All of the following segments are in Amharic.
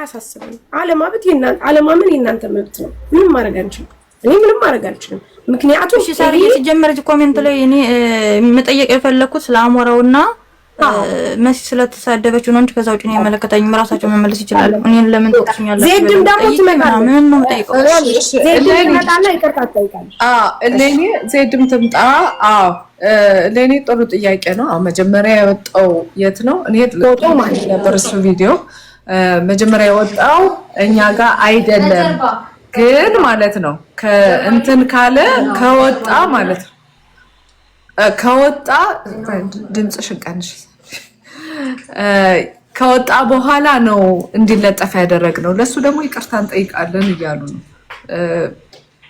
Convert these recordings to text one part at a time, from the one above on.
አያሳስብም። አለማበት አለማመን የእናንተ መብት ነው። ምንም ማድረግ አንችልም። እኔ ምንም ማድረግ አልችልም። ምክንያቱም ሲጀመረች ኮሜንት ላይ እኔ መጠየቅ የፈለግኩት ስለ አሞራውና መሲ ስለተሳደበች ነው እንጂ ከዛ ውጭ ነው የመለከተኝ። ራሳቸው መመለስ ይችላሉ። እኔን ለምን ተወቅሱኛለሁ? ዜድም ደግሞ ትመጣለህ። ነው የምጠይቀው? ይቅርታ ትጠይቃለህ። አዎ ዜድም ትምጣ። አዎ እሌኒ ጥሩ ጥያቄ ነው። መጀመሪያ የወጣው የት ነው? እኔ ጥሩ ማለት ነበር እሱ ቪዲዮ መጀመሪያ የወጣው እኛ ጋር አይደለም ግን ማለት ነው። ከእንትን ካለ ከወጣ ማለት ነው ከወጣ ድምፅሽን ቀንሽ። ከወጣ በኋላ ነው እንዲለጠፍ ያደረግነው። ለእሱ ደግሞ ይቅርታ እንጠይቃለን እያሉ ነው።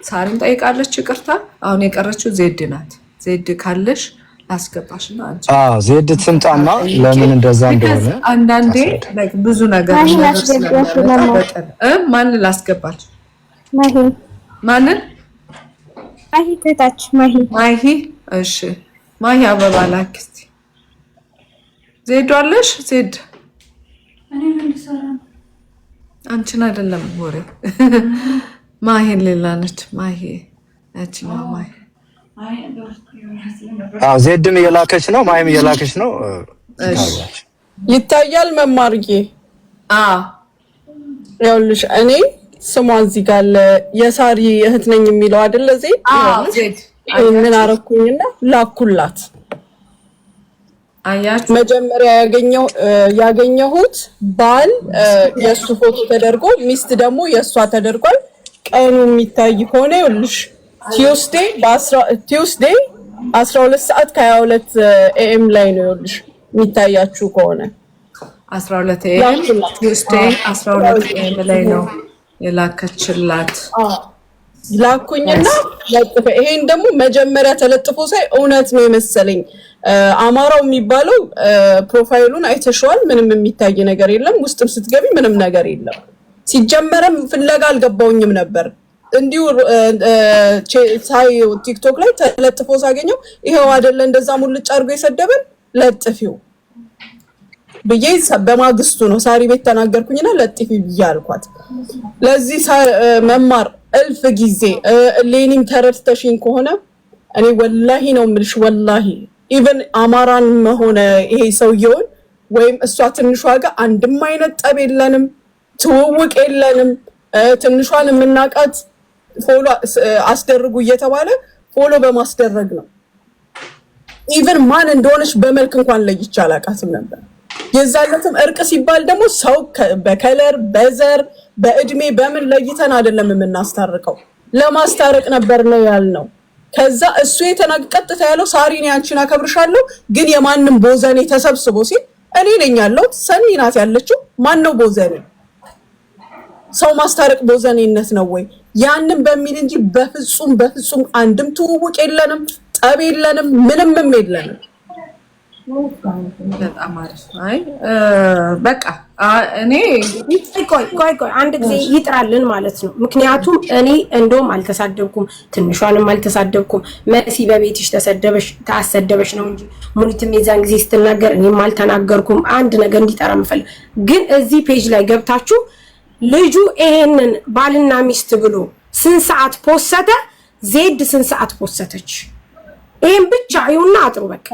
ሳሪም ጠይቃለች ይቅርታ። አሁን የቀረችው ዜድ ናት። ዜድ ካለሽ አስገባሽና ዜድ ትምጣና ለምን እንደዛ እንደሆነ አንዳንዴ ብዙ ነገር ማንን ላስገባች? ማንን ማሂ ከታች ማሂ ማሂ እሺ ማሂ አበባ ላክ እስኪ ዜድ አለሽ ዜድ አንቺን አይደለም ወሬ ማሂን ሌላ ነች ማሂ ማሂ ዜድም እየላከች ነው፣ ማይም እየላከች ነው። ይታያል መማርዬ። ይኸውልሽ እኔ ስሟ እዚህ ጋር አለ። የሳሪ እህት ነኝ የሚለው አይደለ? ዜድ ምን አረኩኝና ላኩላት። መጀመሪያ ያገኘሁት ባል የእሱ ፎቶ ተደርጎ ሚስት ደግሞ የእሷ ተደርጓል። ቀኑ የሚታይ ከሆነ ይኸውልሽ ቲዩስዴይ ቲዩስዴይ አስራ ሁለት ሰዓት ከሀያ ሁለት ኤኤም ላይ ነው ይኸውልሽ የሚታያችሁ ከሆነ አስራ ሁለት ኤኤም ቲዩስዴይ አስራ ሁለት ኤኤም ላይ ነው የላከችላት ላኩኝና ለጥፈ ይሄን ደግሞ መጀመሪያ ተለጥፎ ሳይ እውነት ነው የመሰለኝ። አማራው የሚባለው ፕሮፋይሉን አይተሸዋል። ምንም የሚታይ ነገር የለም። ውስጥም ስትገቢ ምንም ነገር የለም። ሲጀመረም ፍለጋ አልገባውኝም ነበር እንዲሁ ሳይ ቲክቶክ ላይ ተለጥፎ ሳገኘው ይሄው አይደለ እንደዛ ሙልጭ አድርጎ የሰደበን ለጥፊው ብዬ በማግስቱ ነው ሳሪ ቤት ተናገርኩኝና ለጥፊ ብዬ አልኳት። ለዚህ መማር እልፍ ጊዜ ሌኒም ተረድተሽኝ ከሆነ እኔ ወላሂ ነው የምልሽ፣ ወላሂ ኢቨን አማራን መሆነ ይሄ ሰውየውን ወይም እሷ ትንሿ ጋር አንድም አይነት ጠብ የለንም፣ ትውውቅ የለንም። ትንሿን የምናውቃት ፎሎ አስደርጉ እየተባለ ፎሎ በማስደረግ ነው። ኢቨን ማን እንደሆነች በመልክ እንኳን ለይቼ አላውቃትም ነበር። የዛለትም እርቅ ሲባል ደግሞ ሰው በከለር በዘር በእድሜ በምን ለይተን አይደለም የምናስታርቀው፣ ለማስታረቅ ነበር ነው ያልነው። ከዛ እሱ ቀጥታ ያለው ሳሪን እኔ አከብርሻለሁ፣ ግን የማንም ቦዘኔ ተሰብስቦ ሲል እኔ ነኝ ያለሁት፣ ሰኒ ናት ያለችው። ማን ነው ቦዘኔ? ሰው ማስታረቅ ቦዘኔነት ነው ወይ? ያንን በሚል እንጂ በፍጹም በፍጹም አንድም ትውውቅ የለንም፣ ጠብ የለንም፣ ምንምም የለንም። በጣም አሪፍ። አይ በቃ እኔ ቆይ ቆይ ቆይ አንድ ጊዜ ይጥራልን ማለት ነው። ምክንያቱም እኔ እንደውም አልተሳደብኩም፣ ትንሿንም አልተሳደብኩም። መሲ በቤትሽ ተሰደበሽ ታሰደበሽ ነው እንጂ ሙኒትም የዛን ጊዜ ስትናገር እኔም አልተናገርኩም። አንድ ነገር እንዲጠራ ምፈልግ ግን እዚህ ፔጅ ላይ ገብታችሁ ልጁ ይሄንን ባልና ሚስት ብሎ ስንት ሰዓት ፖሰተ? ዜድ ስንት ሰዓት ፖሰተች? ይሄን ብቻ ይሁና አጥሩ በቃ።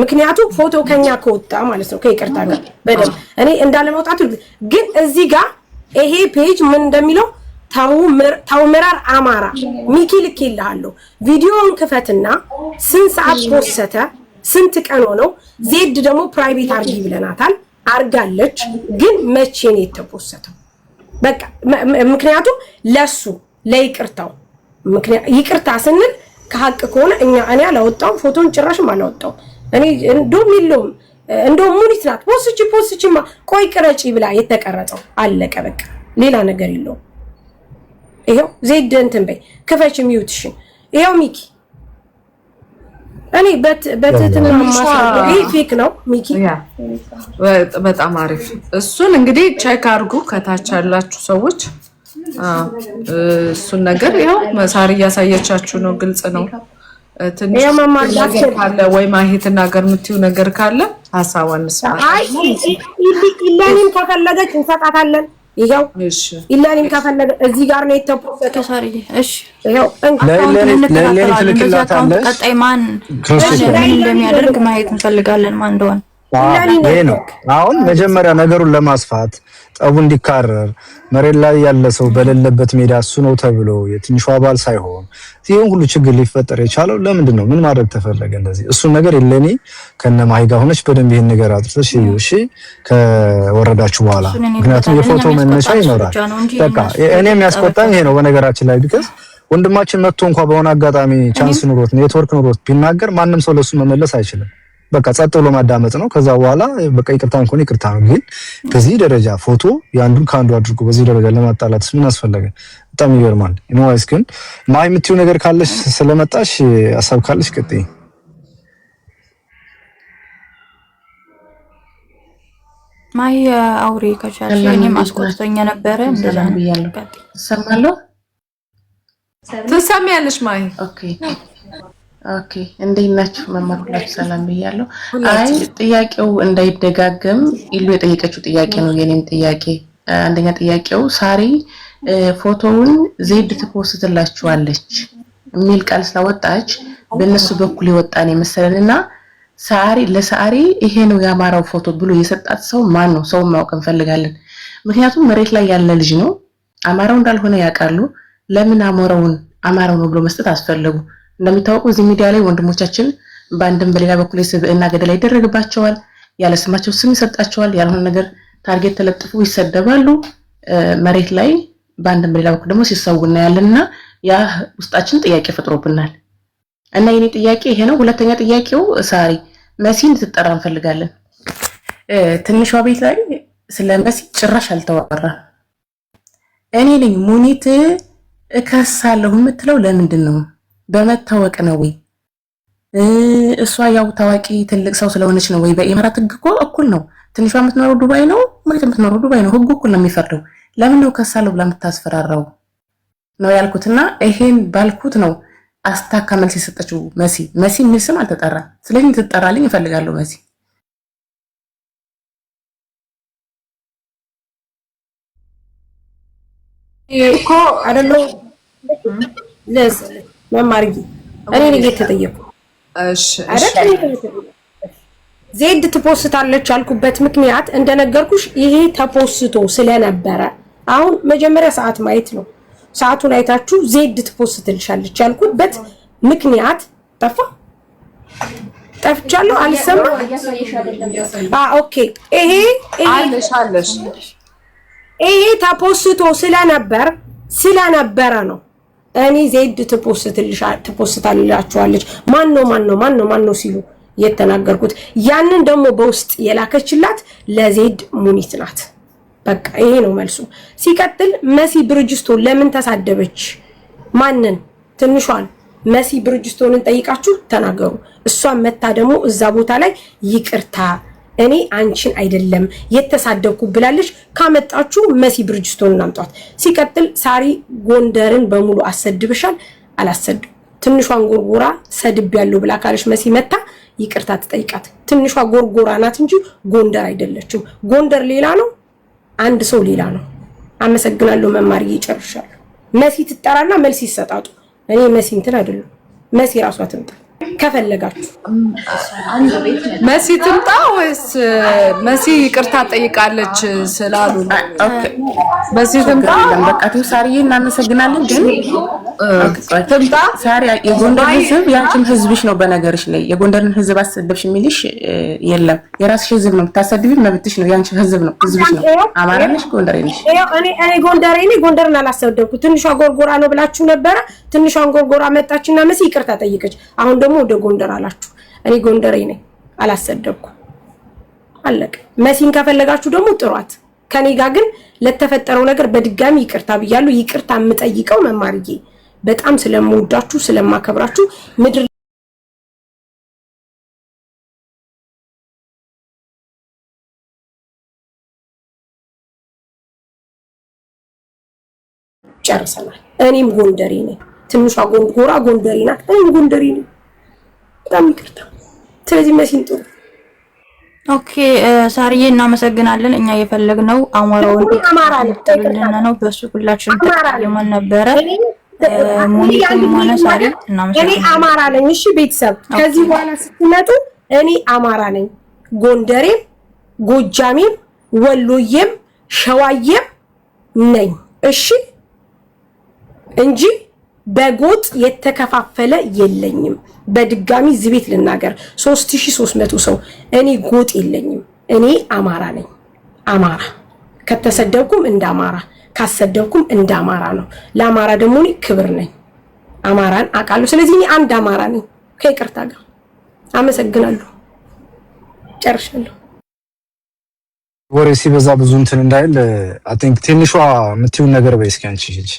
ምክንያቱ ፎቶ ከኛ ከወጣ ማለት ነው። ከይቅርታ ጋር በደምብ እኔ እንዳለ መውጣቱ ግን እዚህ ጋር ይሄ ፔጅ ምን እንደሚለው ተው ምረር አማራ ሚኪ ልክ ይልሃለሁ። ቪዲዮውን ክፈትና ስንት ሰዓት ፖሰተ፣ ስንት ቀን ሆነው። ዜድ ደግሞ ፕራይቬት አርጊ ብለናታል፣ አርጋለች። ግን መቼ ነው የተፖሰተው? በቃ ምክንያቱም ለሱ ለይቅርታው ይቅርታ ስንል ከሀቅ ከሆነ እኛ እኔ አላወጣውም፣ ፎቶን ጭራሽም አላወጣውም። እኔ እንደውም የለውም እንደውም ሙኒት ናት ፖስቺ ፖስቺማ ቆይ ቅረጪ ብላ የተቀረጸው አለቀ። በቃ ሌላ ነገር የለውም። ይኸው ዜድ እንትን በይ ክፈች ሚዩትሽን። ይኸው ሚኪ እኔ በትህትና ይህ ፌክ ነው። ሚኪ በጣም አሪፍ። እሱን እንግዲህ ቼክ አድርጉ ከታች ያላችሁ ሰዎች እሱን ነገር ያው መሳሪ እያሳየቻችሁ ነው። ግልጽ ነው። ትንሽ ነገር ካለ ወይ ማሄት ነገር የምትዩ ነገር ካለ ሀሳቧን ስማ። አይ ለኔም ከፈለገች እንሰጣታለን። ይኸው ኢላ እኔም ከፈለገ እዚህ ጋር ነው የተፖሰተው። እሺ ቀጣይ ማን እንደሚያደርግ ማየት እንፈልጋለን፣ ማን እንደሆነ ይሄ ነው አሁን መጀመሪያ ነገሩን ለማስፋት ጠቡ እንዲካረር መሬት ላይ ያለ ሰው በሌለበት ሜዳ እሱ ነው ተብሎ የትንሿ አባል ሳይሆን ይህን ሁሉ ችግር ሊፈጠር የቻለው ለምንድን ነው? ምን ማድረግ ተፈለገ? እንደዚህ እሱን ነገር የለኔ ከነ ማይጋ ሆነች በደንብ ይህን ነገር አጥርተሽ እሺ፣ ከወረዳችሁ በኋላ ምክንያቱም የፎቶ መነሻ ይኖራል። በቃ እኔ የሚያስቆጣኝ ይሄ ነው። በነገራችን ላይ ቢከስ ወንድማችን መጥቶ እንኳ በሆነ አጋጣሚ ቻንስ ኑሮት ኔትወርክ ኑሮት ቢናገር ማንም ሰው ለሱ መመለስ አይችልም። በቃ ጸጥ ብሎ ማዳመጥ ነው። ከዛ በኋላ በቃ ይቅርታ ከሆነ ይቅርታ ነው። ግን በዚህ ደረጃ ፎቶ የአንዱን ከአንዱ አድርጎ በዚህ ደረጃ ለማጣላት ምን አስፈለገ? በጣም ይገርማል። ኢንዋይስ ግን ማ የምትዩ ነገር ካለሽ ስለመጣሽ አሳብ ካለሽ ቅጥ ማይ አውሬ ከቻልሽ እኔም አስቆጥቶኝ ነበረ እንደዛ ነው ብያለሁ። ትሰሚያለሽ ማይ ኦኬ ኦኬ እንዴት ናችሁ? መማር ሁላችሁ ሰላም ብያለሁ። አይ ጥያቄው እንዳይደጋገም ኢሉ የጠየቀችው ጥያቄ ነው የኔም ጥያቄ። አንደኛ ጥያቄው ሳሪ ፎቶውን ዜድ ትፖስትላችኋለች የሚል ቃል ስላወጣች በእነሱ በኩል የወጣን የመሰለንና ሳሪ ለሳሪ ይሄ ነው ያማራው ፎቶ ብሎ የሰጣት ሰው ማን ነው? ሰው ማወቅ እንፈልጋለን። ምክንያቱም መሬት ላይ ያለ ልጅ ነው። አማራው እንዳልሆነ ያውቃሉ። ለምን አሞራውን አማራው ነው ብሎ መስጠት አስፈለጉ? እንደሚታወቀው እዚህ ሚዲያ ላይ ወንድሞቻችን በአንድም በሌላ በኩል የስብዕና ገደላ ይደረግባቸዋል። ያለ ስማቸው ስም ይሰጣቸዋል። ያልሆነ ነገር ታርጌት ተለጥፎ ይሰደባሉ። መሬት ላይ በአንድም በሌላ በኩል ደግሞ ሲሰው እናያለን እና ያ ውስጣችን ጥያቄ ፈጥሮብናል። እና የኔ ጥያቄ ይሄ ነው። ሁለተኛ ጥያቄው ሳሪ መሲ እንድትጠራ እንፈልጋለን። ትንሿ ቤት ላይ ስለ መሲ ጭራሽ አልተዋራም። እኔ ነኝ ሙኒት እከሳለሁ የምትለው ለምንድን ነው? በመታወቅ ነው ወይ እሷ ያው ታዋቂ ትልቅ ሰው ስለሆነች ነው ወይ? በኢማራት ህግ እኮ እኩል ነው። ትንሿ የምትኖረው ዱባይ ነው፣ ማለት የምትኖረው ዱባይ ነው። ህጉ እኩል ነው የሚፈርደው። ለምን ነው ከሳለሁ ብላ የምታስፈራራው ነው ያልኩትና ይሄን ባልኩት ነው አስታካ መልስ የሰጠችው። መሲ መሲ የሚል ስም አልተጠራም። ስለዚህ ትጠራልኝ እፈልጋለሁ መሲ እኮ አይደለ መማርጊ እኔ ነው እየተጠየቁ ዜድ ትፖስታለች ያልኩበት ምክንያት እንደነገርኩሽ ይሄ ተፖስቶ ስለነበረ አሁን መጀመሪያ ሰዓት ማየት ነው። ሰዓቱን አይታችሁ ዜድ ትፖስትልሻለች ያልኩበት ምክንያት ጠፋ ጠፍቻለሁ። አልሰማ ኦኬ። ይሄ ይሄ ተፖስቶ ስለነበር ስለነበረ ነው እኔ ዜድ ትፖስትላችኋለች ማን ነው ማን ነው ማን ነው ማን ነው ሲሉ የተናገርኩት ያንን ደግሞ በውስጥ የላከችላት ለዜድ ሙኒት ናት። በቃ ይሄ ነው መልሱ። ሲቀጥል መሲ ብርጅስቶን ለምን ተሳደበች? ማንን? ትንሿን መሲ ብርጅስቶንን ጠይቃችሁ ተናገሩ። እሷን መታ ደግሞ እዛ ቦታ ላይ ይቅርታ እኔ አንቺን አይደለም የተሳደብኩ ብላለች። ካመጣችሁ መሲ ብርጅስቶን እናምጧት። ሲቀጥል ሳሪ ጎንደርን በሙሉ አሰድብሻል። አላሰድም ትንሿን ጎርጎራ ሰድብ ያለው ብላ ካለች መሲ መታ ይቅርታ ትጠይቃት። ትንሿ ጎርጎራ ናት እንጂ ጎንደር አይደለችም። ጎንደር ሌላ ነው፣ አንድ ሰው ሌላ ነው። አመሰግናለሁ። መማር ይጨርሻሉ። መሲ ትጠራና መልስ ይሰጣጡ። እኔ መሲ እንትን አይደለም። መሲ ራሷ ትምጣ። ከፈለጋችሁ መሲ ትምጣ ወይስ መሲ ይቅርታ ጠይቃለች ስላሉ መሲ ትምጣ። በቃ ሳርዬ እናመሰግናለን። ግን ትምጣ ሳሪ። የጎንደር ህዝብ ያንቺም ህዝብሽ ነው። በነገርሽ ላይ የጎንደርን ህዝብ አሰደብሽ የሚልሽ የለም። የራስሽ ህዝብ ነው የምታሰድቢ፣ መብትሽ ነው። ያንቺ ህዝብ ነው፣ ህዝብሽ ነው። አማራ ነሽ፣ ጎንደሬ ነሽ። እኔ ጎንደሬ ነኝ፣ ጎንደርን አላሰደብኩ። ትንሿ ጎርጎራ ነው ብላችሁ ነበረ። ትንሿን ጎርጎራ መጣችና መሲ ይቅርታ ጠይቀች። አሁን ደግሞ ደግሞ ወደ ጎንደር አላችሁ። እኔ ጎንደሬ ነኝ፣ አላሰደብኩ። አለቀ። መሲን ከፈለጋችሁ ደግሞ ጥሯት። ከኔ ጋር ግን ለተፈጠረው ነገር በድጋሚ ይቅርታ ብያለሁ። ይቅርታ የምጠይቀው መማርዬ በጣም ስለምወዳችሁ ስለማከብራችሁ ምድር ጨርሰናል። እኔም ጎንደሬ ነኝ። ትንሿ ጎራ ጎንደሬ ናት። እኔም ጎንደሬ ነኝ። በጣም ይቅርታ። ስለዚህ መሲን ጥሩ ኦኬ፣ ሳርዬ እናመሰግናለን። እኛ የፈለግነው አሞራውን ልልና ነው። በሱ ሁላችን የማን ነበረ እኔ አማራ ነኝ። እሺ ቤተሰብ ከዚህ በኋላ ስትመጡ እኔ አማራ ነኝ፣ ጎንደሬም፣ ጎጃሜም፣ ወሎዬም ሸዋዬም ነኝ። እሺ እንጂ በጎጥ የተከፋፈለ የለኝም። በድጋሚ እዚህ ቤት ልናገር፣ 3300 ሰው እኔ ጎጥ የለኝም። እኔ አማራ ነኝ። አማራ ከተሰደብኩም እንደ አማራ ካሰደብኩም እንደ አማራ ነው። ለአማራ ደግሞ እኔ ክብር ነኝ። አማራን አውቃለሁ። ስለዚህ እኔ አንድ አማራ ነኝ። ከይቅርታ ጋር አመሰግናለሁ። ጨርሻለሁ። ወሬ ሲበዛ ብዙ እንትን እንዳይል አይ ቲንክ ትንሿ የምትይውን ነገር በይ እስኪ አንቺ ሂጂ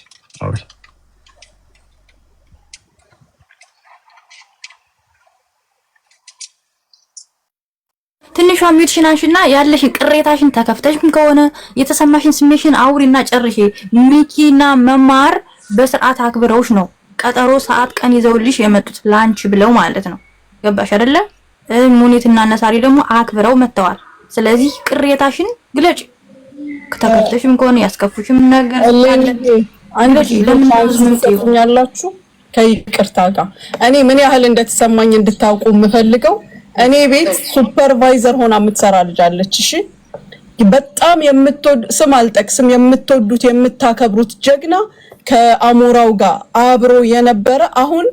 ትንሿ ሚውትሽን አንሺና ያለሽን ቅሬታሽን ተከፍተሽም ከሆነ የተሰማሽን ስሜሽን አውሪና ጨርሼ ሚኪና መማር በስርዓት አክብረውሽ ነው ቀጠሮ ሰዓት ቀን ይዘውልሽ የመጡት ላንች ብለው ማለት ነው። ገባሽ አይደለ? ሙኒትና ነሳሪ ደግሞ አክብረው መጥተዋል። ስለዚህ ቅሬታሽን ግለጭ። ከተከፍተሽም ከሆነ ያስከፉሽም ነገር አንድ ለምን ከይቅርታ ጋር እኔ ምን ያህል እንደተሰማኝ እንድታውቁ የምፈልገው እኔ ቤት ሱፐርቫይዘር ሆና የምትሰራ ልጅ አለች። እሺ በጣም የምትወድ ስም አልጠቅስም፣ የምትወዱት የምታከብሩት ጀግና ከአሞራው ጋር አብሮ የነበረ አሁን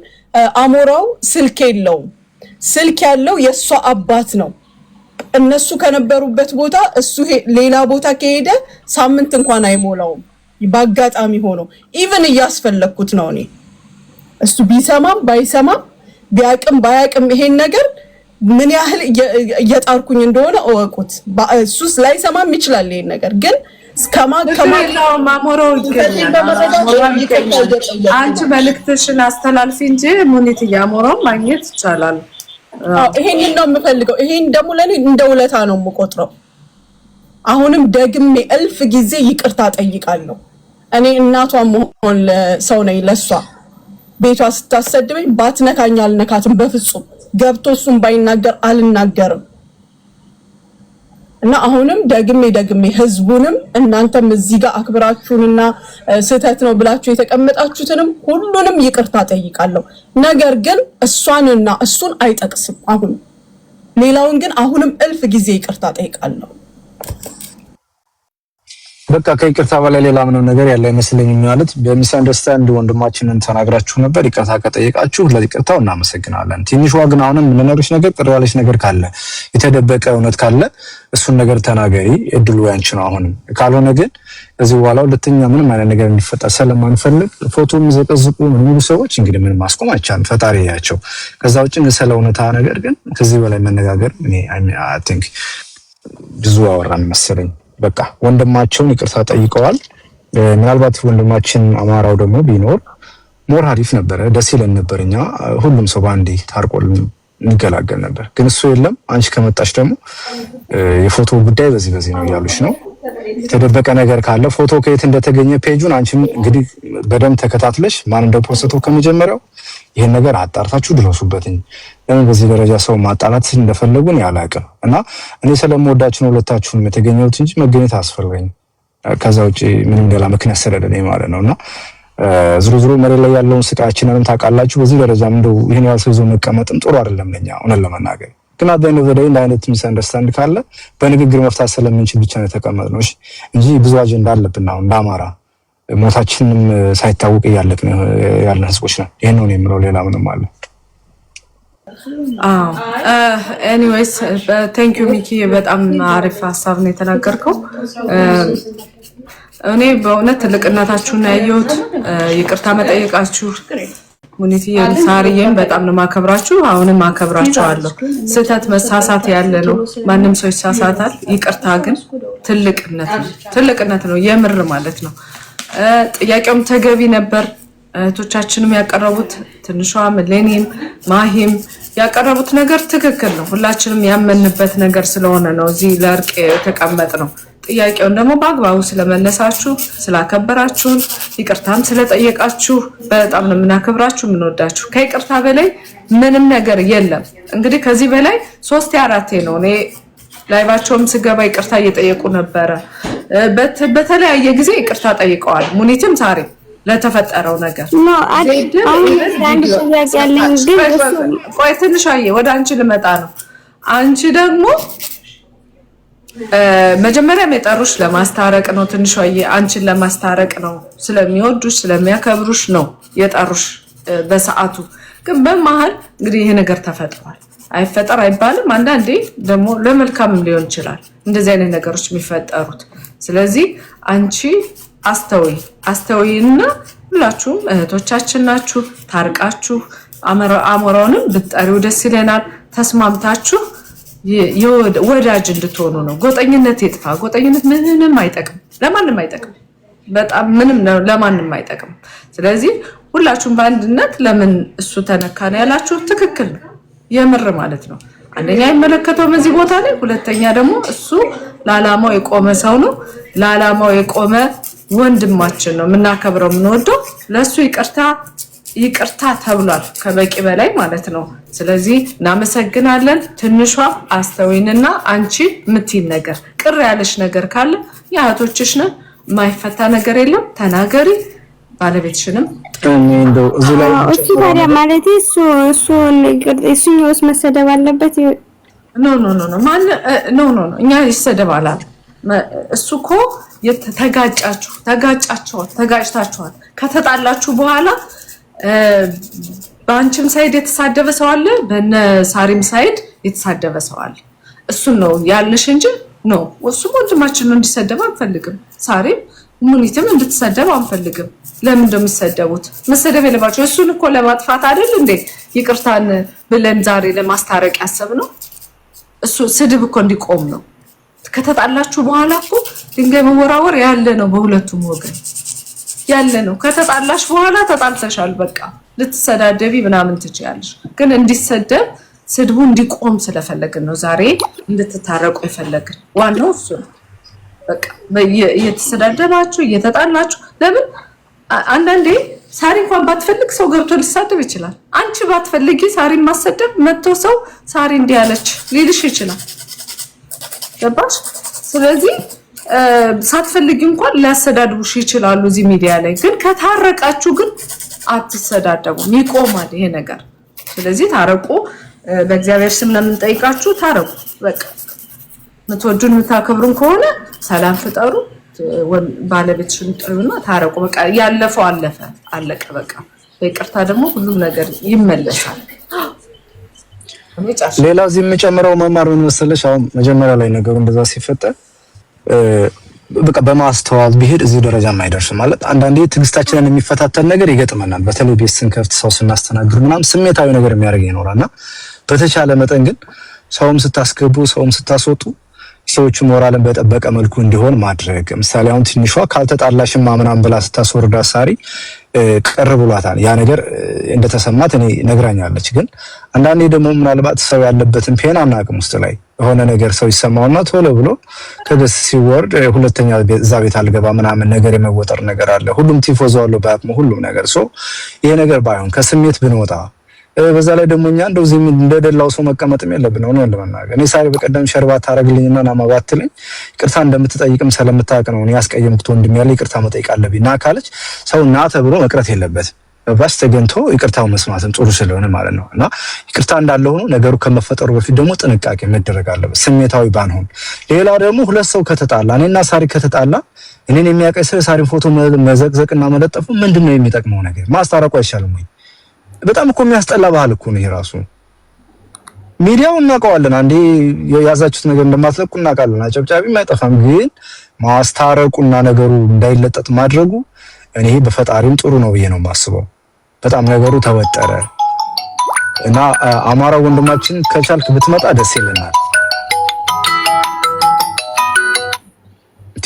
አሞራው ስልክ የለውም። ስልክ ያለው የእሷ አባት ነው። እነሱ ከነበሩበት ቦታ እሱ ሌላ ቦታ ከሄደ ሳምንት እንኳን አይሞላውም። በአጋጣሚ ሆኖ ኢቭን እያስፈለግኩት ነው እኔ እሱ ቢሰማም ባይሰማም ቢያቅም ባያቅም ይሄን ነገር ምን ያህል እየጣርኩኝ እንደሆነ እወቁት። ሱስ ላይሰማም ይችላል ይሄን ነገር ግን አንቺ መልእክትሽን አስተላልፊ እንጂ ሙኒት አሞራውን ማግኘት ይቻላል። ይሄንን ነው የምፈልገው። ይሄን ደግሞ ለእኔ እንደ ውለታ ነው የምቆጥረው። አሁንም ደግሜ እልፍ ጊዜ ይቅርታ ጠይቃለሁ። እኔ እናቷ መሆን ሰው ነኝ። ለእሷ ቤቷ ስታሰድበኝ ባትነካኝ አልነካትም በፍጹም ገብቶ እሱም ባይናገር አልናገርም እና አሁንም ደግሜ ደግሜ ህዝቡንም እናንተም እዚህ ጋር አክብራችሁንና ስህተት ነው ብላችሁ የተቀመጣችሁትንም ሁሉንም ይቅርታ ጠይቃለሁ። ነገር ግን እሷንና እሱን አይጠቅስም። አሁን ሌላውን ግን አሁንም እልፍ ጊዜ ይቅርታ ጠይቃለሁ። በቃ ከይቅርታ በላይ ሌላ ምንም ነገር ያለ አይመስለኝም ማለት በሚስ አንደርስታንድ ወንድማችንን ተናግራችሁ ነበር። ይቅርታ ከጠየቃችሁ ለይቅርታው እናመሰግናለን። ትንሿ ግን አሁንም የምንነግርሽ ነገር ቅር ያለች ነገር ካለ የተደበቀ እውነት ካለ እሱን ነገር ተናገሪ። እድሉ ያንቺ ነው። አሁንም ካልሆነ ግን ከዚህ በኋላ ሁለተኛ ምንም አይነት ነገር እንዲፈጠር ስለማንፈልግ ፎቶ የሚዘቀዝቁ የሚሉ ሰዎች እንግዲህ ምን ማስቆም አይቻልም፣ ፈጣሪ ያቸው። ከዛ ውጭ ስለ እውነታ ነገር ግን ከዚህ በላይ መነጋገር ብዙ አወራን መሰለኝ። በቃ ወንድማቸውን ይቅርታ ጠይቀዋል። ምናልባት ወንድማችን አማራው ደግሞ ቢኖር ሞር አሪፍ ነበረ፣ ደስ ይለን ነበር። እኛ ሁሉም ሰው በአንዴ ታርቆል እንገላገል ነበር። ግን እሱ የለም። አንቺ ከመጣች ደግሞ የፎቶ ጉዳይ በዚህ በዚህ ነው እያሉች ነው የተደበቀ ነገር ካለ ፎቶ ከየት እንደተገኘ ፔጁን አንቺም እንግዲህ በደንብ ተከታትለሽ ማን እንደፖስተው ከመጀመሪያው ይህን ነገር አጣርታችሁ ድረሱበትኝ። ለምን በዚህ ደረጃ ሰው ማጣላት እንደፈለጉን ያላቅም እና እኔ ስለምወዳችን ሁለታችሁንም የተገኘሁት እንጂ መገኘት አስፈልገኝ ከዛ ውጭ ምንም ሌላ ምክንያት ስለሌለኝ ማለት ነው እና ዝሮ ዝሮ መሬት ላይ ያለውን ስቃያችንንም ታውቃላችሁ። በዚህ ደረጃም እንደው ይህን ያህል ሰው ይዞ መቀመጥም ጥሩ አይደለም ለኛ እውነት ለመናገር ግን አብዛኛው ወደ እንደ አይነት ሚስ አንደርስታንድ ካለ በንግግር መፍታት ስለምንችል ብቻ ነው የተቀመጥነው እንጂ ብዙ አጀንዳ አለብን። አሁን እንዳማራ ሞታችንም ሳይታወቅ እያለቅን ያለን ህዝቦች ነው። ይህን ነው የምለው፣ ሌላ ምንም አለ አዎ ኤኒዌይስ ቴንኪዩ ሚኪ፣ በጣም አሪፍ ሀሳብ ነው የተናገርከው። እኔ በእውነት ትልቅነታችሁን ያየሁት ይቅርታ መጠየቃችሁ ሁኔት ሳርዬም በጣም ነው ማከብራችሁ። አሁንም አለው ስህተት መሳሳት ያለ ነው። ማንም ሰው ይሳሳታል። ይቅርታ ግን ትልቅነት ነው፣ ትልቅነት ነው የምር ማለት ነው። ጥያቄውም ተገቢ ነበር። እህቶቻችንም ያቀረቡት ትንሿም፣ ሌኒም፣ ማሂም ያቀረቡት ነገር ትክክል ነው። ሁላችንም ያመንበት ነገር ስለሆነ ነው እዚህ ለእርቅ የተቀመጥ ነው። ጥያቄውን ደግሞ በአግባቡ ስለመለሳችሁ ስላከበራችሁን ይቅርታም ስለጠየቃችሁ በጣም ነው የምናከብራችሁ የምንወዳችሁ። ከይቅርታ በላይ ምንም ነገር የለም። እንግዲህ ከዚህ በላይ ሶስቴ አራቴ ነው እኔ ላይባቸውም ስገባ ይቅርታ እየጠየቁ ነበረ። በተለያየ ጊዜ ይቅርታ ጠይቀዋል። ሙኒትም ሳሪ ለተፈጠረው ነገር ቆይ ትንሽ አየ ወደ አንቺ ልመጣ ነው አንቺ ደግሞ መጀመሪያም የጠሩሽ ለማስታረቅ ነው። ትንሿዬ አንቺን ለማስታረቅ ነው። ስለሚወዱሽ ስለሚያከብሩሽ ነው የጠሩሽ በሰዓቱ። ግን በመሀል እንግዲህ ይሄ ነገር ተፈጥሯል። አይፈጠር አይባልም። አንዳንዴ ደግሞ ለመልካምም ሊሆን ይችላል እንደዚህ አይነት ነገሮች የሚፈጠሩት። ስለዚህ አንቺ አስተውይ አስተውይና ሁላችሁም እህቶቻችን ናችሁ። ታርቃችሁ አሞራውንም ብትጠሪው ደስ ይለናል። ተስማምታችሁ ወዳጅ እንድትሆኑ ነው። ጎጠኝነት የጥፋ። ጎጠኝነት ምንም አይጠቅም፣ ለማንም አይጠቅም፣ በጣም ምንም ለማንም አይጠቅም። ስለዚህ ሁላችሁም በአንድነት ለምን እሱ ተነካ ነው ያላችሁ ትክክል ነው፣ የምር ማለት ነው። አንደኛ የመለከተውም እዚህ ቦታ ላይ፣ ሁለተኛ ደግሞ እሱ ለዓላማው የቆመ ሰው ነው፣ ለዓላማው የቆመ ወንድማችን ነው፣ የምናከብረው የምንወደው። ለእሱ ይቅርታ ይቅርታ ተብሏል ከበቂ በላይ ማለት ነው። ስለዚህ እናመሰግናለን። ትንሿ አስተውይንና አንቺ የምትይን ነገር ቅር ያለሽ ነገር ካለ የእህቶችሽ ነን፣ የማይፈታ ነገር የለም። ተናገሪ ባለቤትሽንም እሱ ታዲያ ማለት እሱኛውስ መሰደብ አለበት? ኖ ኖ ኖ ኖ ኖ ኖ እኛ አላል እሱ እኮ ተጋጫችሁ ተጋጫችኋል ተጋጭታችኋል ከተጣላችሁ በኋላ በአንቺም ሳይድ የተሳደበ ሰው አለ፣ በነ ሳሪም ሳይድ የተሳደበ ሰው አለ። እሱን ነው ያልንሽ እንጂ ነው እሱም ወንድማችን ነው። እንዲሰደብ አንፈልግም። ሳሪም ሙኒትም እንድትሰደብ አንፈልግም። ለምን እንደሚሰደቡት መሰደብ የለባቸው። እሱን እኮ ለማጥፋት አይደል እንዴ ይቅርታን ብለን ዛሬ ለማስታረቅ ያሰብ ነው። እሱ ስድብ እኮ እንዲቆም ነው። ከተጣላችሁ በኋላ እኮ ድንጋይ መወራወር ያለ ነው በሁለቱም ወገን ያለ ነው። ከተጣላሽ በኋላ ተጣልተሻል፣ በቃ ልትሰዳደቢ ምናምን ትችያለሽ። ግን እንዲሰደብ ስድቡ እንዲቆም ስለፈለግን ነው ዛሬ እንድትታረቁ የፈለግን። ዋናው እሱ ነው። በቃ እየተሰዳደባችሁ እየተጣላችሁ ለምን አንዳንዴ ሳሪ እንኳን ባትፈልግ ሰው ገብቶ ሊሳደብ ይችላል። አንቺ ባትፈልጊ ሳሪን ማሰደብ መጥቶ ሰው ሳሪ እንዲያለች ሊልሽ ይችላል። ገባሽ? ስለዚህ ሳትፈልጊ እንኳን ሊያሰዳድቡሽ ይችላሉ እዚህ ሚዲያ ላይ። ግን ከታረቃችሁ ግን አትሰዳደቡም፣ ይቆማል ይሄ ነገር። ስለዚህ ታረቁ። በእግዚአብሔር ስም ለምንጠይቃችሁ ታረቁ። በቃ የምትወዱን የምታከብሩን ከሆነ ሰላም ፍጠሩ። ባለቤትሽን ጥሩና ታረቁ። በቃ ያለፈው አለፈ፣ አለቀ። በቃ በይቅርታ ደግሞ ሁሉም ነገር ይመለሳል። ሌላ እዚህ የምጨምረው መማር ምን መሰለሽ፣ አሁን መጀመሪያ ላይ ነገሩ እንደዛ ሲፈጠር በቃ በማስተዋል ቢሄድ እዚህ ደረጃ የማይደርስ ማለት አንዳንዴ ትግስታችንን የሚፈታተን ነገር ይገጥመናል። በተለይ ቤት ስንከፍት ሰው ስናስተናግድ ምናምን ስሜታዊ ነገር የሚያደርግ ይኖራልና በተቻለ መጠን ግን ሰውም ስታስገቡ ሰውም ስታስወጡ ሰዎቹ ሞራልን በጠበቀ መልኩ እንዲሆን ማድረግ። ምሳሌ አሁን ትንሿ ካልተጣላሽማ ምናምን ብላ ስታስወርዳ ሳሪ ቅር ብሏታል። ያ ነገር እንደተሰማት እኔ ነግራኛለች። ግን አንዳንዴ ደግሞ ምናልባት ሰው ያለበትን ፔን አናቅም ውስጥ ላይ የሆነ ነገር ሰው ይሰማውና ቶሎ ብሎ ከደስ ሲወርድ ሁለተኛ እዛ ቤት አልገባ ምናምን ነገር የመወጠር ነገር አለ። ሁሉም ቲፎዞ አለው በአቅሙ ሁሉም ነገር ሶ ይሄ ነገር ባይሆን ከስሜት ብንወጣ በዛ ላይ ደግሞ እኛ እንደው እንደደላው ሰው መቀመጥም የለብን ነው ለመናገር። እኔ ሳሪ በቀደም ሸርባ ታረግልኝና ናማ ባትልኝ ይቅርታ እንደምትጠይቅም ስለምታውቅ ነው እኔ ያስቀየምኩት ወንድሜ ያለ ይቅርታ መጠይቅ አለብኝ ና ካለች ሰው ና ተብሎ መቅረት የለበትም። መባስ ተገንቶ ይቅርታው መስማትም ጥሩ ስለሆነ ማለት ነው እና ይቅርታ እንዳለ ሆኖ ነገሩ ከመፈጠሩ በፊት ደግሞ ጥንቃቄ መደረግ አለበት፣ ስሜታዊ ባንሆን። ሌላ ደግሞ ሁለት ሰው ከተጣላ እኔና ሳሪ ከተጣላ እኔን የሚያቀይ ሰው የሳሪን ፎቶ መዘቅዘቅና መለጠፉ ምንድን ነው የሚጠቅመው ነገር? ማስታረቁ አይሻልም ወይ? በጣም እኮ የሚያስጠላ ባህል እኮ ነው ራሱ። ሚዲያው እናውቀዋለን፣ አንዴ የያዛችሁት ነገር እንደማትለቁ እናውቃለን። አጨብጫቢም አይጠፋም፣ ግን ማስታረቁና ነገሩ እንዳይለጠጥ ማድረጉ እኔ በፈጣሪም ጥሩ ነው ብዬ ነው የማስበው። በጣም ነገሩ ተወጠረ እና አማራ ወንድማችን ከቻልክ ብትመጣ ደስ ይለናል።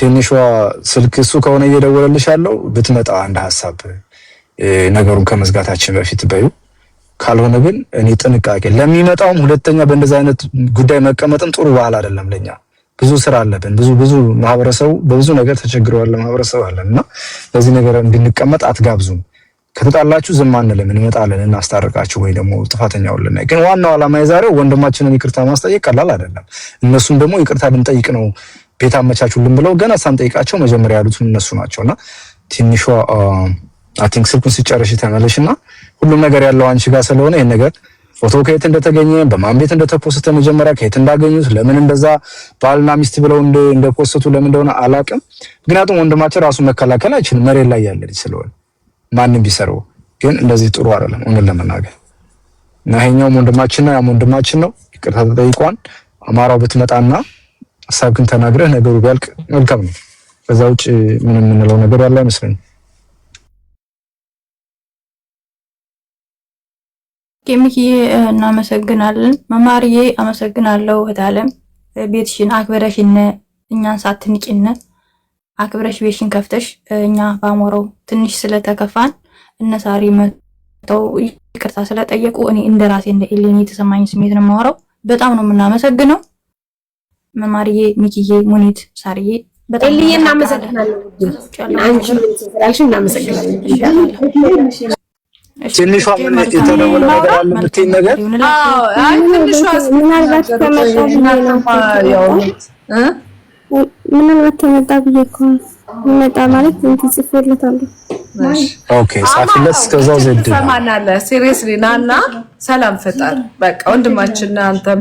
ትንሿ ስልክ እሱ ከሆነ እየደወለልሽ ያለው ብትመጣ አንድ ሀሳብ ነገሩን ከመዝጋታችን በፊት በዩ ካልሆነ ግን እኔ ጥንቃቄ ለሚመጣውም ሁለተኛ በእንደዚህ አይነት ጉዳይ መቀመጥም ጥሩ ባህል አይደለም። ለኛ ብዙ ስራ አለብን። ብዙ ብዙ ማህበረሰቡ በብዙ ነገር ተቸግረዋል። ማህበረሰብ አለን እና በዚህ ነገር እንድንቀመጥ አትጋብዙም። ከተጣላችሁ ዝም አንልም፣ እንመጣለን፣ እናስታርቃችሁ ወይ ደግሞ ጥፋተኛውን ልናይ። ግን ዋናው ዓላማ የዛሬው ወንድማችንን ይቅርታ ማስጠየቅ ቀላል አይደለም። እነሱም ደግሞ ይቅርታ ልንጠይቅ ነው ቤት አመቻቹልን ብለው ገና ሳንጠይቃቸው መጀመሪያ ያሉትን እነሱ ናቸው እና ትንሿ አይ ስልኩን ሲጨርሽ ተመለሽ እና ሁሉም ነገር ያለው አንቺ ጋር ስለሆነ ይህን ነገር ፎቶ ከየት እንደተገኘ በማን ቤት እንደተፖስተ መጀመሪያ ከየት እንዳገኙት ለምን እንደዛ ባልና ሚስት ብለው እንደፖስቱ ለምን እንደሆነ አላቅም። ምክንያቱም ወንድማችን ራሱ መከላከል አይችልም መሬት ላይ ያለ ስለሆነ ማንም ቢሰሩ ግን እንደዚህ ጥሩ አይደለም። እውነት ለመናገር እና ወንድማችን ነው፣ ያም ወንድማችን ነው። ይቅርታ ተጠይቋን አማራው ብትመጣና ግን ተናግረህ ነገሩ ቢያልቅ መልካም ነው። ከዛ ውጭ ምን የምንለው ነገር ያለ አይመስለኝም። ኬሚክዬ እናመሰግናለን። መማርዬ አመሰግናለሁ። እህታለም ቤትሽን አክበረሽነ እኛን ሳትንቂነት አክብረሽ ቤሽን ከፍተሽ እኛ በአሞራው ትንሽ ስለተከፋን እነሳሪ መተው ይቅርታ ስለጠየቁ እኔ እንደ ራሴ እንደ ኤሌኒ የተሰማኝ ስሜት ነው የማወራው። በጣም ነው የምናመሰግነው መማርዬ፣ ሚኪዬ፣ ሙኒት፣ ሳርዬ በጣም እናመሰግናለን። ትንሿ ምን ነገር ምናልባት ተመጣ ብዬ እኮ ነው መጣ ማለት እንትን ጽፌለታለሁ። ኦኬ ጻፍለት። እስከዛው ዘድ ሰማናለ። ሲሪየስሊ ናና ሰላም ፈጣር። በቃ ወንድማችን አንተም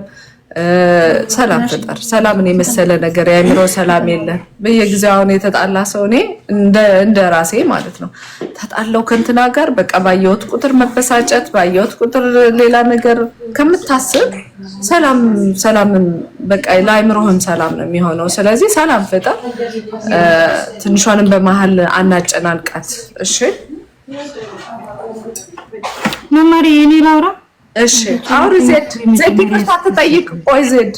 ሰላም ፍጠር። ሰላምን የመሰለ ነገር የአእምሮ ሰላም የለም። በየጊዜው አሁን የተጣላ ሰው እኔ እንደ ራሴ ማለት ነው ተጣላው ከንትና ጋር በቃ ባየሁት ቁጥር መበሳጨት፣ ባየሁት ቁጥር ሌላ ነገር ከምታስብ ሰላም ሰላምን በቃ ለአእምሮህም ሰላም ነው የሚሆነው። ስለዚህ ሰላም ፍጠር። ትንሿንም በመሀል አናጨናንቃት። እሺ መማሪ የኔ ላውራ እሺ አሁን ዜድ ዜድ ይቅርታ ትጠይቅ። ቆይ ዜድ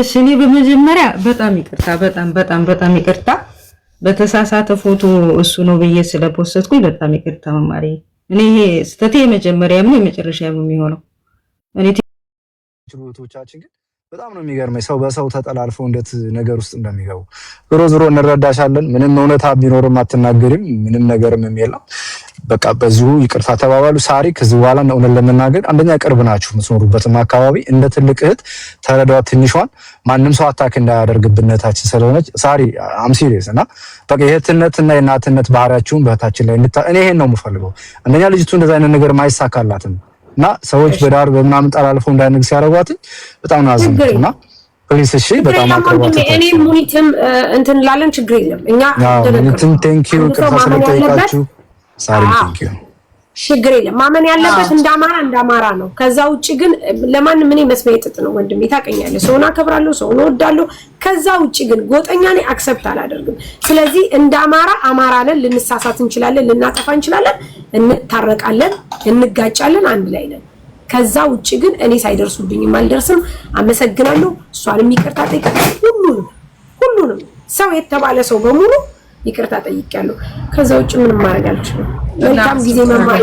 እሺ፣ እኔ በመጀመሪያ በጣም ይቅርታ በጣም በጣም በጣም ይቅርታ በተሳሳተ ፎቶ እሱ ነው ብዬ ስለፖስትኩኝ በጣም ይቅርታ መማሪ። እኔ ይሄ ስህተቴ የመጀመሪያም ነው የመጨረሻም ነው የሚሆነው እኔ ግን በጣም ነው የሚገርመኝ ሰው በሰው ተጠላልፎ እንዴት ነገር ውስጥ እንደሚገቡ። ዞሮ ዞሮ እንረዳሻለን። ምንም እውነታ ቢኖርም አትናገሪም፣ ምንም ነገርም የለም። በቃ በዚሁ ይቅርታ ተባባሉ። ሳሪ ከዚህ በኋላ እውነት ለመናገር አንደኛ ቅርብ ናችሁ፣ የምትኖሩበትም አካባቢ እንደ ትልቅ እህት ተረዷት። ትንሿን ማንም ሰው አታክ እንዳያደርግብን እህታችን ስለሆነች ሳሪ አም እና በቃ የእህትነትና የእናትነት ባህሪያችሁን በእህታችን ላይ እኔ ይሄን ነው የምፈልገው። አንደኛ ልጅቱ እንደዚ አይነት ነገር ማይሳካላትም እና ሰዎች በዳር በምናምን ጠላልፎ እንዳንግ ሲያደርጓት በጣም ነው ያዘንኩት። እና ፕሊስ እሺ፣ በጣም አቅርቧት። እኔ ሙኒትም እንትን ላለን ችግር የለም እኛ ሙኒትም ቴንኪዩ ቅርሳ ስለጠይቃችሁ ሳሪ ቴንኪዩ ችግር የለም። ማመን ያለበት እንደ አማራ እንደ አማራ ነው። ከዛ ውጭ ግን ለማንም እኔ መስሚያ የጥጥ ነው ወንድሜ፣ ታውቀኛለህ። ሰውን አከብራለሁ፣ ሰውን እወዳለሁ። ከዛ ውጭ ግን ጎጠኛ እኔ አክሰብት አላደርግም። ስለዚህ እንደ አማራ አማራ ነን። ልንሳሳት እንችላለን፣ ልናጠፋ እንችላለን፣ እንታረቃለን፣ እንጋጫለን፣ አንድ ላይ ነን። ከዛ ውጭ ግን እኔ ሳይደርሱብኝም አልደርስም። አመሰግናለሁ። እሷንም ይቅርታ ጠይቃለሁ። ሁሉንም ሁሉንም ሰው የተባለ ሰው በሙሉ ይቅርታ ጠይቄያለሁ። ከዛ ውጭ ምንም ማድረግ አልችልም። መልካም ጊዜ መማር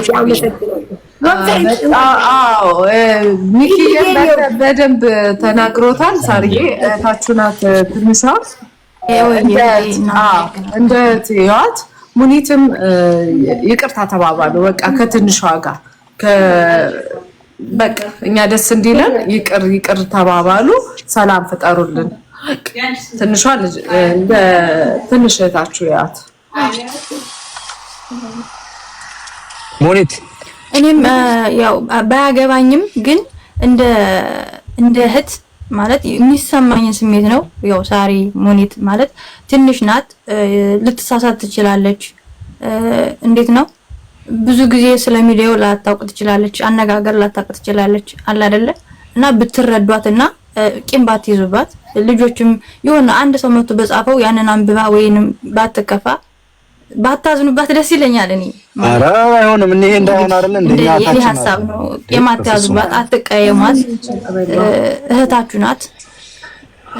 በደንብ ተናግሮታል። ሳርዬ እህታችሁ ናት። እንደ ትዋት ሙኒትም ይቅርታ ተባባሉ። በቃ ከትንሿ ጋር በቃ እኛ ደስ እንዲለን ይቅር ይቅር ተባባሉ። ሰላም ፍጠሩልን። ትንሿ ልጅ እንደ ትንሽ እህታችሁ ያት እኔም ያው ባያገባኝም ግን እንደ እንደ እህት ማለት የሚሰማኝን ስሜት ነው። ያው ሳሪ ሞኒት ማለት ትንሽ ናት፣ ልትሳሳት ትችላለች። እንዴት ነው ብዙ ጊዜ ስለሚዲያው ላታውቅ ትችላለች፣ አነጋገር ላታውቅ ትችላለች። አለ አይደለ እና ብትረዷትና ቂም ባትይዙባት፣ ልጆችም የሆነ አንድ ሰው መቶ በጻፈው ያንን አንብባ ወይንም ባትከፋ ባታዝኑባት ደስ ይለኛል። እኔ ኧረ አይሆንም እኔ እንዳይሆን አይደል እንደኛ ታችን ሐሳብ ነው። የማትያዙባት አትቀየሟት፣ እህታችሁ ናት።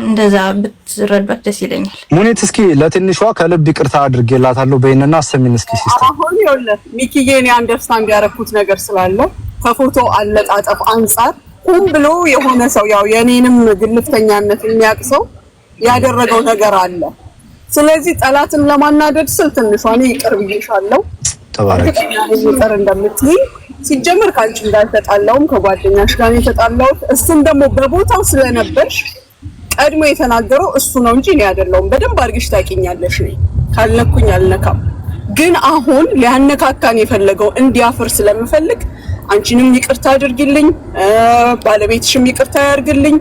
እንደዛ ብትረዷት ደስ ይለኛል። ሙኒት እስኪ ለትንሿ ከልብ ይቅርታ አድርጌላታለሁ በይንና አሰሚን እስኪ ሲስተም አሁን ይኸውልህ ሚኪዬ እኔ አንደርስታንድ ያደረኩት ነገር ስላለ ከፎቶ አለጣጠፍ አንጻር ቁም ብሎ የሆነ ሰው ያው የኔንም ግልፍተኛነት የሚያውቅ ሰው ያደረገው ነገር አለ። ስለዚህ ጠላትን ለማናደድ ስል ትንሿ እኔ ይቅር ብዬሻለሁ ይቅር እንደምትይኝ ሲጀምር ጋር ተጣላውም ከጓደኛሽ ጋር የተጣላሁት እሱም ደግሞ በቦታው ስለነበርሽ ቀድሞ የተናገረው እሱ ነው እንጂ እኔ አይደለሁም። በደንብ አድርግሽ ታውቂኛለሽ። እኔ ካልነኩኝ አልነካም። ግን አሁን ሊያነካካን የፈለገው እንዲያፍር ስለምፈልግ አንቺንም ይቅርታ አድርግልኝ፣ ባለቤትሽም ይቅርታ ያድርግልኝ።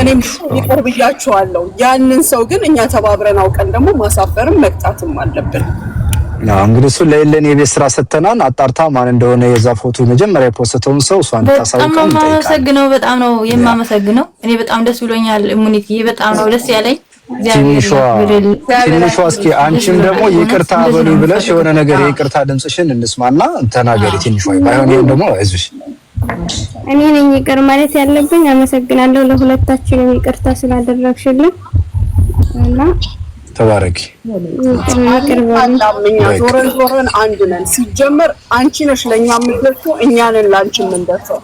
እኔም ይቅር ብያችኋለሁ። ያንን ሰው ግን እኛ ተባብረን አውቀን ደግሞ ማሳፈርም መቅጣትም አለብን። እንግዲህ እሱ ለሌለን የቤት ስራ ሰተናን አጣርታ ማን እንደሆነ የዛ ፎቶ መጀመሪያ የፖስተውን ሰው እሷ እንድታሳውቀን። በጣም ነው የማመሰግነው። እኔ በጣም ደስ ብሎኛል። ሙኒትዬ በጣም ነው ደስ ያለኝ። ትንሿ እስኪ አንቺም ደግሞ ይቅርታ በሉ ብለሽ የሆነ ነገር የይቅርታ ድምፅሽን እንስማና ተናገሪ። ትንሿ ባይሆን ይህም ደግሞ አይዞሽ እኔ ነኝ ይቅር ማለት ያለብኝ። አመሰግናለሁ ለሁለታችን ይቅርታ ስላደረግሽልን እና ተባረኪ። ዞረን ዞረን አንድ ነን። ሲጀመር አንቺ ነሽ ለእኛ የምትደርሰው፣ እኛ ነን ለአንቺ የምንደርሰው።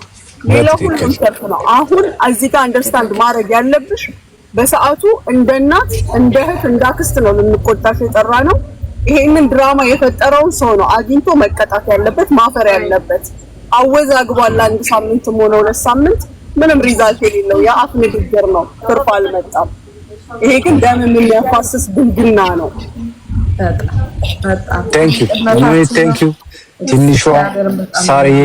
ሌላ ሁሉም ሰልፍ ነው። አሁን እዚህ ጋር አንደርስታንድ ማድረግ ያለብሽ በሰዓቱ እንደ እናት እንደ እህት እንደ አክስት ነው ልንቆጣሽ የጠራ ነው። ይሄንን ድራማ የፈጠረውን ሰው ነው አግኝቶ መቀጣት ያለበት ማፈር ያለበት። አወዛግቧል። ለአንድ አንድ ሆነ ሁለት ሳምንት ምንም ሪዛልት የሌለው የአፍ ንግግር ነው፣ ትርፍ አልመጣም። ይሄ ግን ደም የሚያፋስስ ብልግና ነው። ትንሿ ሳርዬ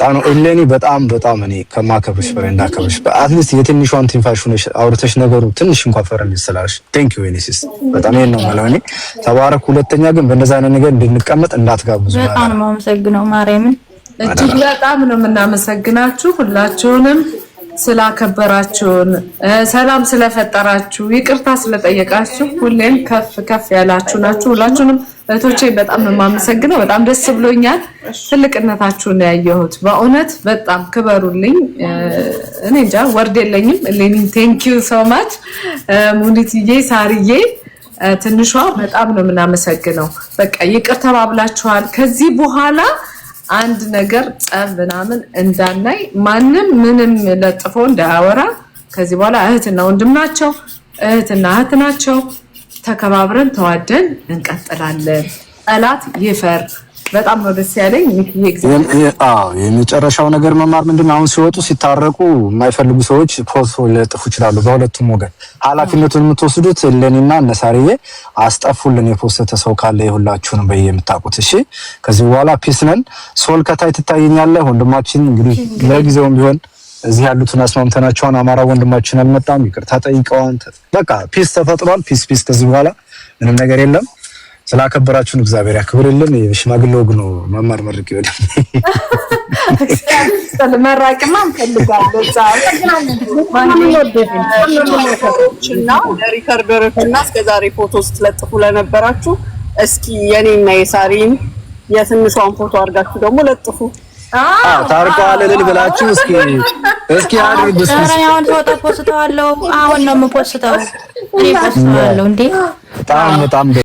ጣኑ እለኔ በጣም በጣም እኔ ከማከብርሽ በላይ እንዳከብርሽ አትሊስት የትንሿን ትንፋሽ ሆነሽ አውርተሽ ነገሩ ትንሽ እንኳን ፈረን ስላልሽ ቴንክ ዩ ኔሲስ በጣም ይሄን ነው ማለት እኔ ተባረክ። ሁለተኛ ግን በእንደዛ አይነት ነገር እንድንቀመጥ እንዳትጋብዙ። በጣም ነው የማመሰግነው ማርያምን፣ እጅግ በጣም ነው የምናመሰግናችሁ ሁላችሁንም ስላከበራችሁን ሰላም ስለፈጠራችሁ ይቅርታ ስለጠየቃችሁ ሁሌም ከፍ ከፍ ያላችሁ ናችሁ ሁላችሁንም እህቶቼ በጣም የማመሰግነው በጣም ደስ ብሎኛል። ትልቅነታችሁን ያየሁት በእውነት በጣም ክበሩልኝ። እኔ እንጃ ወርድ የለኝም። ሌኒ ዩ ሶ ማች ሙኒትዬ፣ ሳርዬ ትንሿ በጣም ነው የምናመሰግነው። በቃ ይቅር ተባብላችኋል። ከዚህ በኋላ አንድ ነገር ጸብ ምናምን እንዳናይ ማንም ምንም ለጥፎ እንዳያወራ። ከዚህ በኋላ እህትና ወንድም ናቸው፣ እህትና እህት ናቸው። ተከባብረን ተዋደን እንቀጥላለን። ጠላት ይፈር። በጣም ነው ደስ ያለኝ። የመጨረሻው ነገር መማር ምንድን ነው? አሁን ሲወጡ ሲታረቁ የማይፈልጉ ሰዎች ፖስ ሊለጥፉ ይችላሉ። በሁለቱም ወገን ኃላፊነቱን የምትወስዱት ለኔና እነሳርዬ አስጠፉልን። የፖስተ ሰው ካለ የሁላችሁንም በየ የምታውቁት እሺ። ከዚህ በኋላ ፒስ ነን። ሶል ከታይ ትታየኛለህ ወንድማችን። እንግዲህ ለጊዜውም ቢሆን እዚህ ያሉትን አስማምተናቸውን አማራ ወንድማችን አልመጣም፣ ይቅርታ ጠይቀዋን፣ በቃ ፒስ ተፈጥሯል። ፒስ ፒስ፣ ከዚህ በኋላ ምንም ነገር የለም። ስላከበራችሁን እግዚአብሔር ያክብርልን። ሽማግሌ ወግ ነው መማር መርቅ ይወደ መራቅማ እንፈልጋለንወደችና ለሪከርደሮችና እስከዛሬ ፎቶ ስትለጥፉ ለነበራችሁ እስኪ የኔና የሳሪን የትንሿን ፎቶ አድርጋችሁ ደግሞ ለጥፉ። ታርቀዋል ልል ብላችሁ እስኪ እስኪ አድርጉ። እስኪ አሁን ፎቶ ፖስተዋለሁ። አሁን ነው የምፖስተው። እኔ ፖስተዋለሁ እንዴ በጣም በጣም